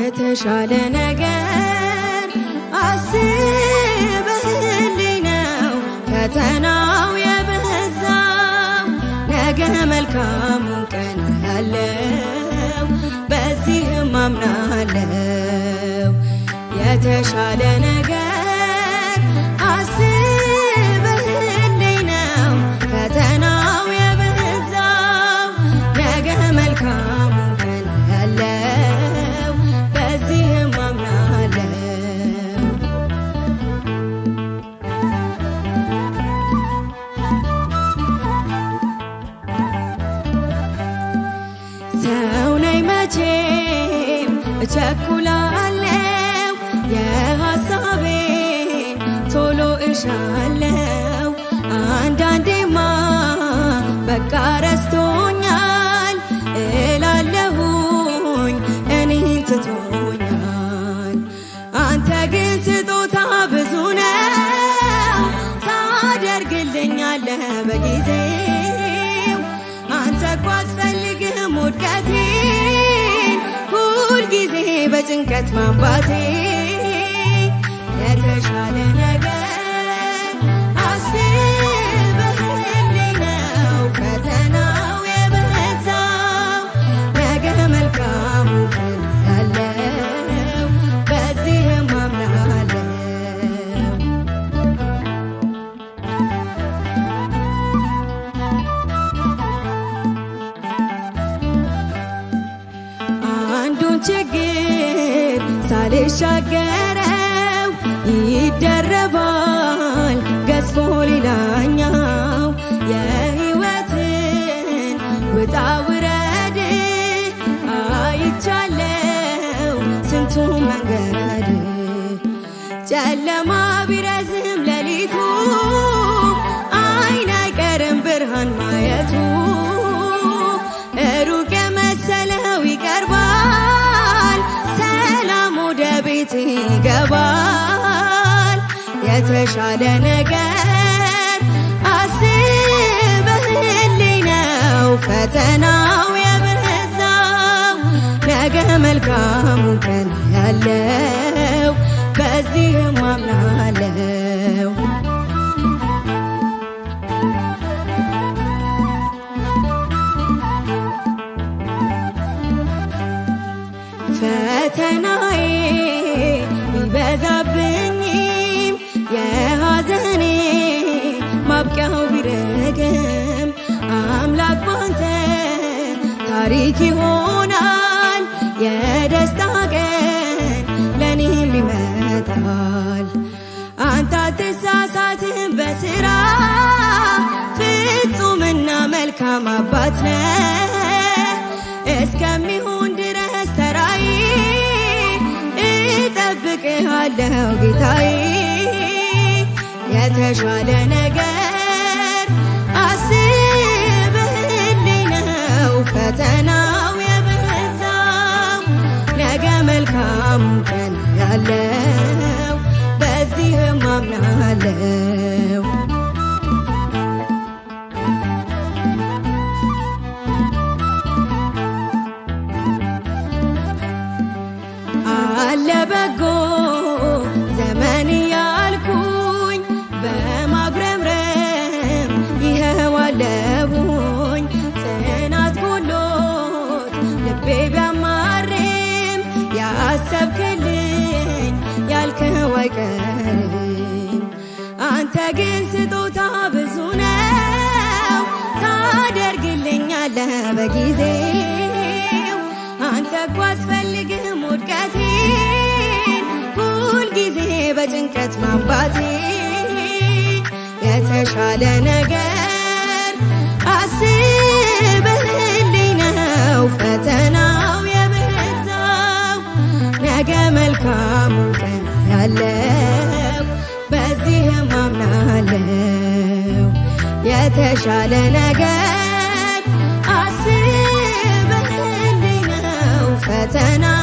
የተሻለ ነገር አምናለው የተሻለነ እልሻለው አንዳንዴማ በቃ ረስቶኛል እላለሁኝ እኔን ትቶኛል። አንተ ግን ስጦታ ብዙ ነው ታደርግልኛለ በጊዜው አንተ እኮ አትፈልግም ውድቀቴን ሁልጊዜ በጭንቀት ማንባቴ ችግር ሳልሻገረው ይደረባል ገዝፎ ሌላኛው የህይወትን ውጣ ውረድ አይቻለው ስንቱ መንገድ ጨለማ ቢረዝም يتشعل نجار عصيب هلينا وفتنا ويا بهزام نجام الكام كان يالو بزيه ما منالو فتنا ማብቂያው ቢረገም አምላክ ባንተ ታሪክ ይሆናል። የደስታ ቀን ለእኔም ይመጣል። አንተ አትሳሳትም በስራ ፍጹምና መልካም አባት ነ እስከሚሆን ድረስ ተራዬ እጠብቅሃለሁ ጌታዬ የተሻለ ነገ አምናለው አለ በጎ ዘመን ያልኩኝ በማጉረምረም ይኸዋለቡኝ ጽናት ጎሎት ልቤ ቢያማርም ያሰብክልኝ ያልከው አይቀርም ግን ስጦታ ብዙ ነው ታደርግልኛለህ በጊዜው አንተ እኮ አስፈልግህም ውድቀቴን ሁልጊዜ በጭንቀት ማባቴ የተሻለ ነገር አለው የተሻለ ነገር አስበህልኝ ነው ፈተና